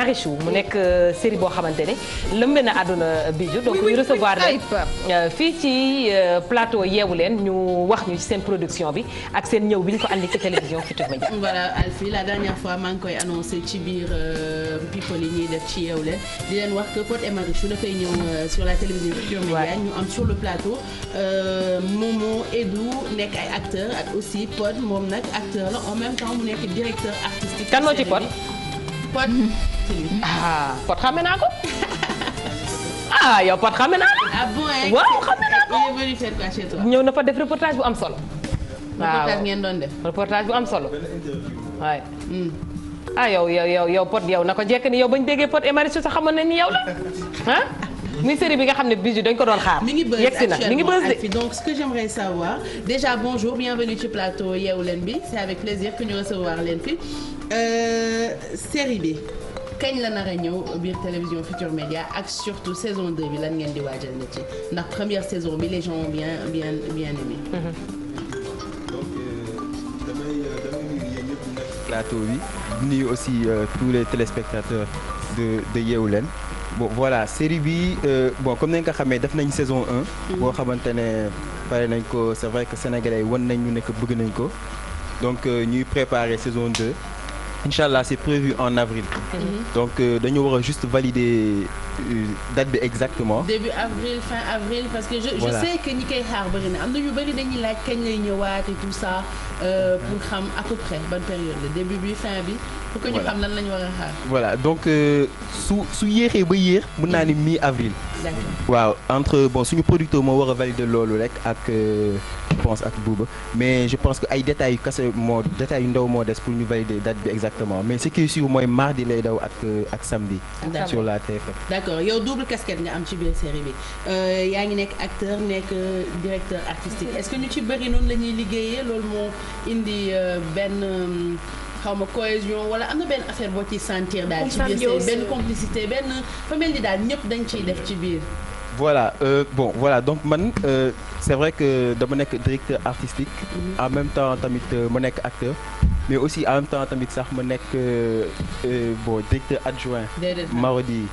Marichou mu nekk euh, série boo xamante ne lëmbe na àdduna Bijou donc ñu recevoir leen euh, fii ci euh, plateau yeewu leen ñu wax ñu ci seen production bi ak seen ñëw bi ñu ko andi ci télévision Futurs Médias voilà Alfie la dernière fois maa ngi koy annoncé ci biir people yi ñuy def ci yeewu leen di leen wax que Pod et la dafay ñëw sur la télévision Futurs Médias ñu am sur le plateau Momo Edou nekk ay acteur ak aussi Pod moom nag acteur la en même temps mu nekk directeur artistique kan Pod. ah Pod xame naa ko. ah yow Pod xame naa la. ah bon eh? waaw xame naa ko. il est venu faire quoi chez toi. ñëw na fa def reportage bu am solo. waaw reportage ngeen doon def. reportage bu am solo. waay. Hmm. ah yow yow yow yow Pod yow na ko jekk ni yow bañ déggee Pod et Marichou sax xamoon na ni yow la ah. muy série bi nga xam ne Bijou dañ ko doon xaar. mi ngi buzz actuellement mi ngi buzz de. donc ce que j'aimerais savoir déjà bonjour bienvenue ci plateau Yeewu Leen bi c'est avec plaisir que ñu recevoir leen fi Euh, série bi kañ la nar a ñëw biir télévision Futur Média ak surtout saison 2 bi lan ngeen di waajal na ci ndax première saison bi les gens ont bien bien bien aimé. Euh, euh, plateau bi nuyu aussi tous les téléspectateurs de de Yeewu Leen bo voilà série bi euh, bon comme nañ xamee def nañ saison 1 boo xamante ne pare nañ ko c'est vrai que sénégalais yi wan nañ ñu nekk bëgg nañ ko donc ñuy euh, préparer saison 2 incha allah c' est prévu en avril. Mhm. donc euh, dañoo war a juste valider euh, date bi exactement. début avril fin avril parce que je je sais que ñi koy xaar bëri am na ñu bëri dañuy laaj kañ lay ñëwaat et tout ça euh, mhm. pour xam à peu près ban période début bi fin bi. pour que ñu xam lan la ñu war voilà donc su su yéexee ba yéex mun naa ni mi avril. waaw entre bon suñu producteur moo war a valider loolu rek ak. pense ak Bouba mais je pense que ay détails yu kase moo détails yu ndaw moo des pour ñu valider date bi exactement mais ce qui est sûr mooy mardi lay daw ak euh, ak samedi. sur la TFM. d'accord yow double casquette nga am ci biir série bi euh, yaa ngi nekk acteur nekk euh, directeur artistique est-ce que ñu ci bëri noonu la ñuy liggéeyee loolu moo indi benn. xaw ma cohésion wala am na benn affaire boo ciy sentir daal ci biir benn complicité benn fa daal ñëpp dañ ciy def ci biir voilà euh, voilà donc man euh, c'est vrai que dama nekk directeur artistique mhm. en même temps tamit euh, ma nekk acteur mais aussi en même temps tamit sax ma nekk euh, euh, bon directeur adjoint Marodi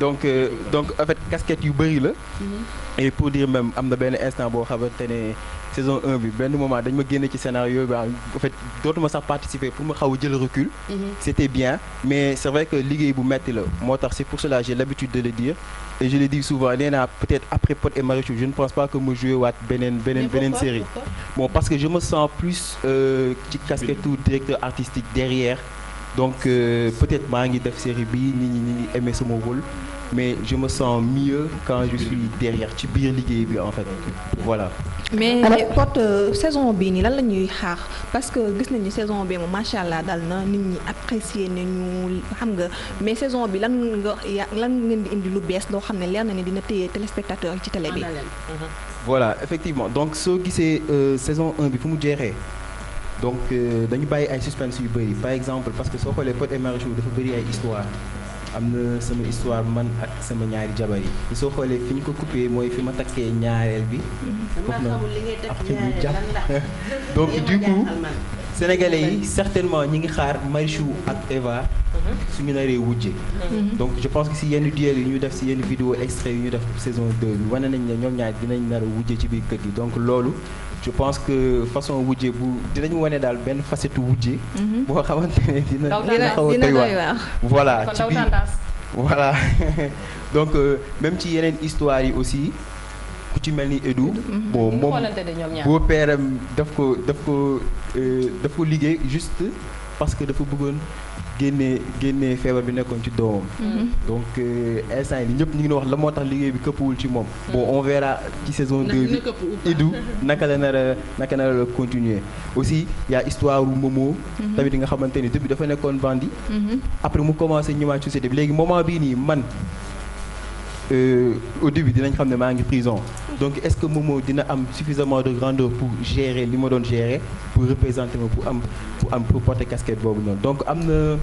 donc euh, donc en fait casquette yu bëri la mhm. et pour dire même am na benn instant boo xamante ne saison 1 bi benn moment dañ ma génne ci scénario bi en fait dootuma sax participer pour ma xaw a jël recul. Mhm. c' était bien mais c' vrai que liggéey bu metti la moo tax c' est pour cela j'ai l'habitude de le dire et je le dis souvent nee naa peut-être après Pod et Marichou je ne pense pas que ma joué waat beneen beneen beneen série bon parce que je me sens plus euh, ci casquette directeur artistique derrière donc euh, peut-être maa ngi def série bi nit ñi ñi ngi aimé sama rôle mais je me sens mieux quand je ci biir liggéey bi en fait voilà mais Pod euh, saison bii nii lan la ñuy xaar parce que gis nañu saison bi moom macha allah daal na nit ñi ne nañu xam nga mais saison bi lan nga lan ngeen di indi lu bees loo xam ne leer na ne dina téye téléspectateur ci télé bi. Mhm. Mhm. voilà effectivement donc soo gisee euh, saison 1 bi fu mu jeexee. donc euh, dañu bàyyi ay suspense yu bëri par exemple parce que soo xoolee Pod et Marichou dafa bëri ay histoire am na sama histoire man ak sama ñaari jabar yi soo xoolee fi ñu ko coupé mooy fi ma takkee ñaareel bi mhm. foofu na après ñu jàpp donc du coup sénégalais yi certainement ñi ngi xaar Marichou ak Eva mhm. suñu naree wujje mhm. donc je pense que si yenn duel yi ñu def si yenn vidéo extrait yu ñu def saison 2 wane nañ ne ñoom ñaar dinañ nar a wujje ci biir kër gi donc loolu je pense que façon wujje bu dinañu wane daal benn facette wujje mhm. boo xamante ne dina dina xaw a doy waar voilà ci biir voilà donc euh, même ci yeneen histoire yi aussi ku ci mel ni Edu bon mhm. moom boo peeram daf ko daf ko euh, daf ko liggéey juste parce que dafa bëggoon génnee génne feebar bi nekkoon ci doomam. Mm-hmm. donc euh, instant yi ñëpp ñu ngi wax la moo tax liggéey bi këppuwul ci moom. Mm-hmm. bon on verra ci saison 2 bi Idou naka la nar a naka la continuer aussi yaa a histoire ru Momo. Mm-hmm. tamit nga xamante ni début dafa nekkoon bandi. après mu commencé ñëwaat société bi léegi moment bii nii man euh, au début dinañ xam ne maa ngi prison. donc est-ce que Momo dina am suffisamment de grandeur pour gérer li ma doon gérer pour représenter ma pour am pour am pour porter casquette boobu noonu donc am na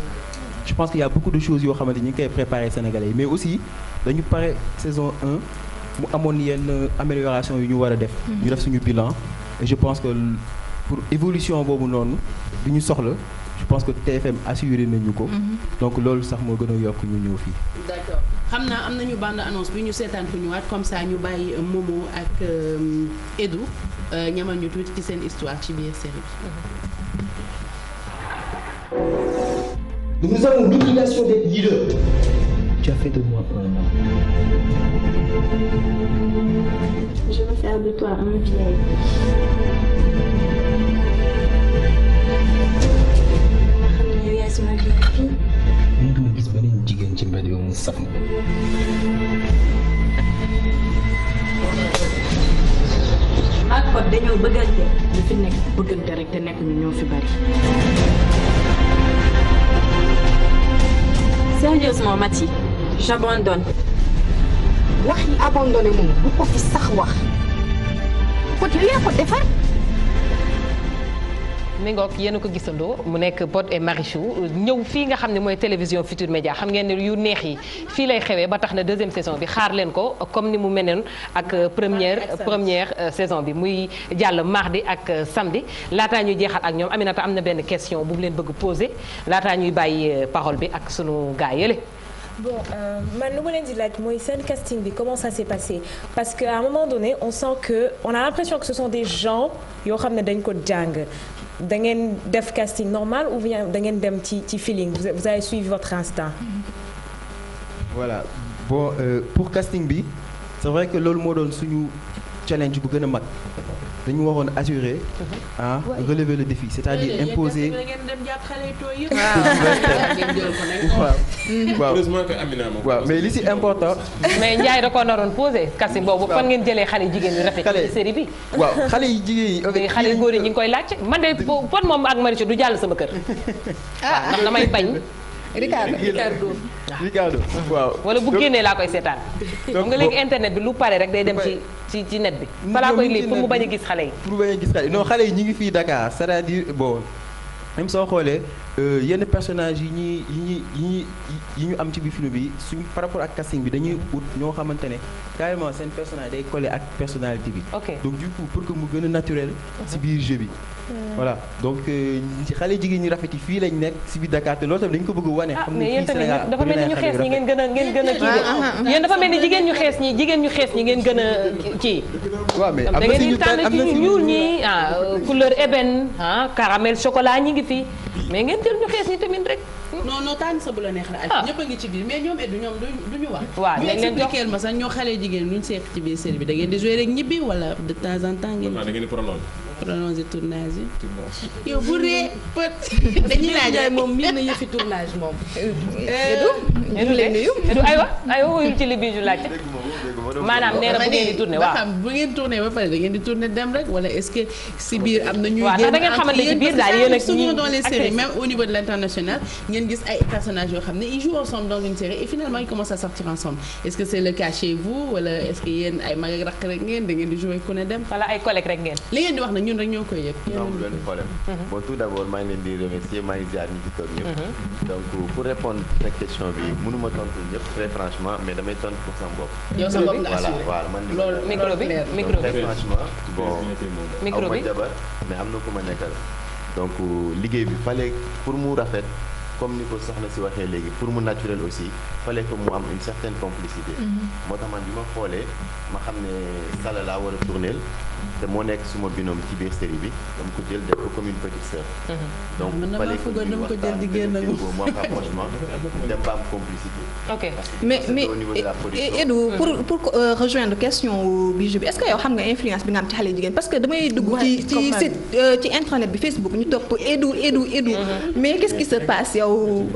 je pense qu'il y beaucoup de choses yoo xamante ñu ngi koy préparé Sénégalais yi mais aussi dañu pare saison 1 mu amoon yenn amélioration yu ñu war a def. Mhm. ñu def suñu bilan et je pense que pour évolution boobu noonu du ñu soxla. je pense que TFM assuré nañu ko. Mhm. donc loolu sax moo gën a yokk ñu ñëw fii. xam naa am nañu bande annonce bi ñu seetaan fu ñu waat comme ça ñu bàyyi euh, Momo ak euh, Edu euh, ñamal ñu tuuti ci seen histoire ci biir série saf na ak kon dañoo bëggante ñu fi nekk bëggante rek te nekk ñu ñoo fi bari sérieusement Maty j'abandonne wax yi abandonné moom bu ko fi sax wax ko te lee ko defar mi ngoog yéen ko gisandoo mu nekk Pod et Marichou ñëw fii nga xam ne mooy télévision Futur Média xam ngeen ne yu neex yi fii lay xewee ba tax na deuxième saison bi xaar leen ko comme ni mu mel ak première première euh, saison bi muy jàll mardi ak euh, samedi laataa ñuy jeexal ak ñoom Aminata am na benn question bu mu leen bëgg poser laataa ñuy bàyyi euh, parole bi ak sunu gaa yële. bon man lu ma leen di laaj mooy seen casting bi comment ça s'est passé parce que à un moment donné on sent des gens yoo xam ne dañ ko jàng da ngeen def casting normal ou bien da ngeen dem ci ci feeling vous avez suivi votre instinct. voilà bon euh, pour casting bi c'est vrai que loolu moo doon suñu challenge bu gën a mag. dañu waroon assurer uh-huh. ah relever le défi c'est-à-dire imposer. Mm-hmm. waaw heureusement que Amina moom waaw mais li si important. mais Ndiaye da koo naroon posé. kasi boobu fan ngeen jëlee xale jigéen yu rafet. ci série bi waaw xale yi jigéen yi. avec xale yu góor yi ñu ngi koy laaj man de pon moom ak Marichou du jàll sama kër. ah ndax damay bañ. Ricardo Ricardo Ricardo waaw wala bu génnee laa koy seetaan donc nga léegi internet bi lu pare rek day dem ci ci ci net bi fa laa koy lii pour mu bañ a gis xale yi pour bañ a gis xale yi non xale yi ñu ngi fii Dakar c'est-à-dire même soo xoolee euh, yenn personnage yi ñuy yi yi ñu am ci bi film bi suñ par rapport ak casting bi dañuy ut ñoo xamante ne carrément seen personnage day colle ak personnalité bi. donc du coup pour que mu gën a naturel. si biir jeu bi. Hmm. voilà donc euh, ci xale jigéen ñu rafet yi fii lañ nekk si biir Dakar te loolu tamit dañu ko bëgg a wane. Ah, xam ne fii Sénégal dafa mel ni ñu xees ñi ngeen gën a ngeen gën a kii ah, ah, yéen dafa mel ni jigéen ñu xees ñi jigéen ñu xees ñi ngeen gën a kii. waaw mais tànn am ñu couleur ébène ah caramel chocolat ñi ngi fi mais ngeen jël ñu xees ñi tamit rek. non non tànn bu la neex la. Ah. ñëpp a ngi ci biir mais ñoomee Edu ñoom du ñu wax. waaw léeg leen jox sax ñoo xale jigéen luñ seq ci biir série bi da ngeen di jouer rek ñibbi wala de temps en temps ngeen. da ngeen tournage yi. bu ree pët. dañuy laaj moom miin na yëfi tournage moom. maanaam nee bu ngeen di tourné xam bu ngeen tourné ba pare da di tourné dem rek wala est-ce biir am na ñuy génn entre yéen souvent dans les séries même au niveau de l'international ngeen gis ay personnages yoo xam ne ils jouent ensemble dans une série et finalement ils commencent à sortir ensemble est-ce le cas chez vous wala est-ce que yéen ay mag ak rakk rek ngeen da ngeen di jouer ku ne dem wala ay collègues rek ngeen li ngeen di wax nag ñun rek ñoo koy yëg non mhm. mhm. bi mënuma ma tontu ñëpp très franchement mais damay tontu pour sama bopp. yow sa bopp nga assuré voilà man micro bi micro bi très franchement. bon micro mais am na ko ma nekkal. donc liggéey bi fallait pour mu rafet. comme ni ko na si waxee léegi pour mu naturel aussi fallait que mu am une certaine complicité. Mhm. moo tax man bi ma xoolee ma xam ne Sala laa war a tourneel te moo nekk suma binôme ci biir série bi dama ko jël def ko comme une mm-hmm. donc mais mais Edou mm-hmm. pour pour euh, rejoindre question bijou bi est bi nga am ci xale que damay dugg ci ci site euh, ci ñu topp mm-hmm. mais qu'est-ce qui se passe yow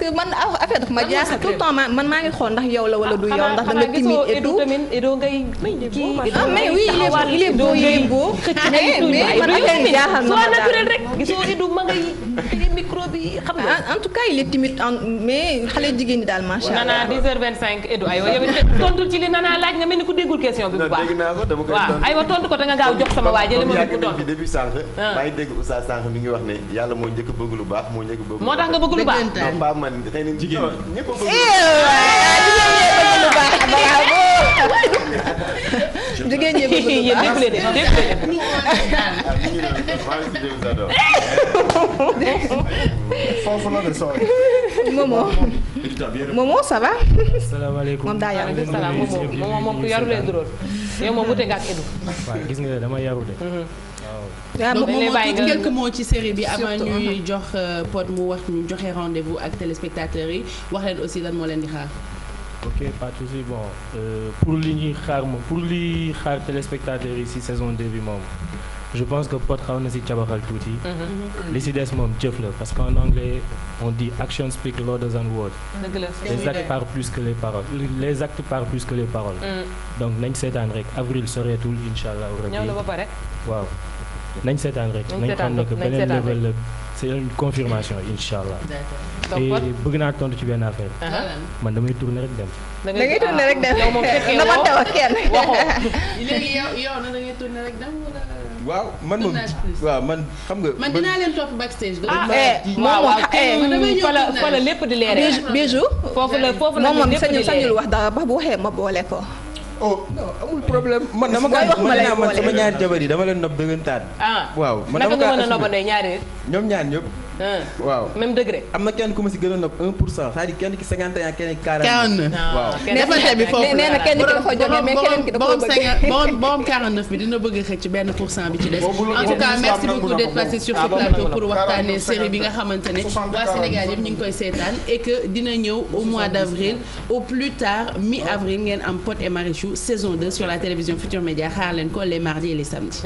que man ah, affaire daf ma jaaxal tout le man maa ngi xool ndax yow la wala du yow ah, ndax da nga timide et tout mais ah, oui il est doo yëngu xëcc eh, ay naturel rek gisoo Idu ma ngay téye micro bi xam nga ah, en tout cas il est timide mais xale jigéen ñi daal macha allah nana 10h25 Idu aywa yow tontul ci li nana laaj nga mel ni ku déggul question bi bu baax dégg naa ko dama koy waaw aywa tontu ko da nga gaaw jox sama waajal ma ko doon début sànq ah. maa ngi dégg Oustaz sànq mi ngi wax ne yàlla moo njëkk bëgg lu baax moo njëkk bëgg moo tax nga bëgg lu baax man xëy jigéen ñëpp bëgg lu baax eh, jigéen ñi bëgg lu baax dégg leen dégg leen foofu la de sooy Momo Momo ça va salaamaaleykum moom daa yaru salaam Momo moom ku yaru lay yow moom wute ak Edu waaw gis nga dama yaru mhm. waaw donc dañ lay bàyyi nga ci série bi avant ñuy jox euh, Pod mu wax ñu joxe rendez-vous ak téléspectateurs yi wax leen aussi lan moo leen di xaar. ok pas bon euh, pour li ñuy xaar moom pour li xaar téléspectateurs yi si saison 2 bi moom je pense que Pod xaw na si cabaxal tuuti. Mhm. Mhm. li si des moom jëf la parce qu'en anglais on dit action speak louder than words. dëgg la les actes par plus que les paroles les actes parlent plus que les paroles. Mhm. donc nañ seetaan rek avril soreetul incha allah. ñëw na ba pare waaw. nañ seetaan rek. nañ seetaan nañ xam ne que beneen level la c'est une confirmation incha allah. bëgg naa tontu ci benn affaire. man damay tourner rek dem. na ma teew ak kenn. léegi yow yow man moom xam nga. man dinaa leen ah, eh, moom moom eh, fa lépp di leeree. bijou foofu moom moom sañul sañul wax dara ba bu waxee ma boole ko. oh non amul problème. man dama koy wax ma lay man sama ñaari jabar yi dama leen nopp dëggantaan. Ah, waaw man dama naka nga mën a noppandee ñoom ñaar ñëpp. Ah, waaw même degré. am na kenn ku ma si gën a nopp 1 pour cent cest à kenn ki 51 kenn ki 40. 40 bi foofu la nee kenn ki da ko jógee mais keneen ki a xëcc benn pour cent bi ci des. en tout merci beaucoup d'être passé sur ah, plateau pour waxtaanee série bi nga xamante ne waa Sénégal yëpp ñu ngi koy seetaan et que dina ñëw au mois d'avril saison 2 sur la télévision Futur Média xaar leen les mardis et les samedis.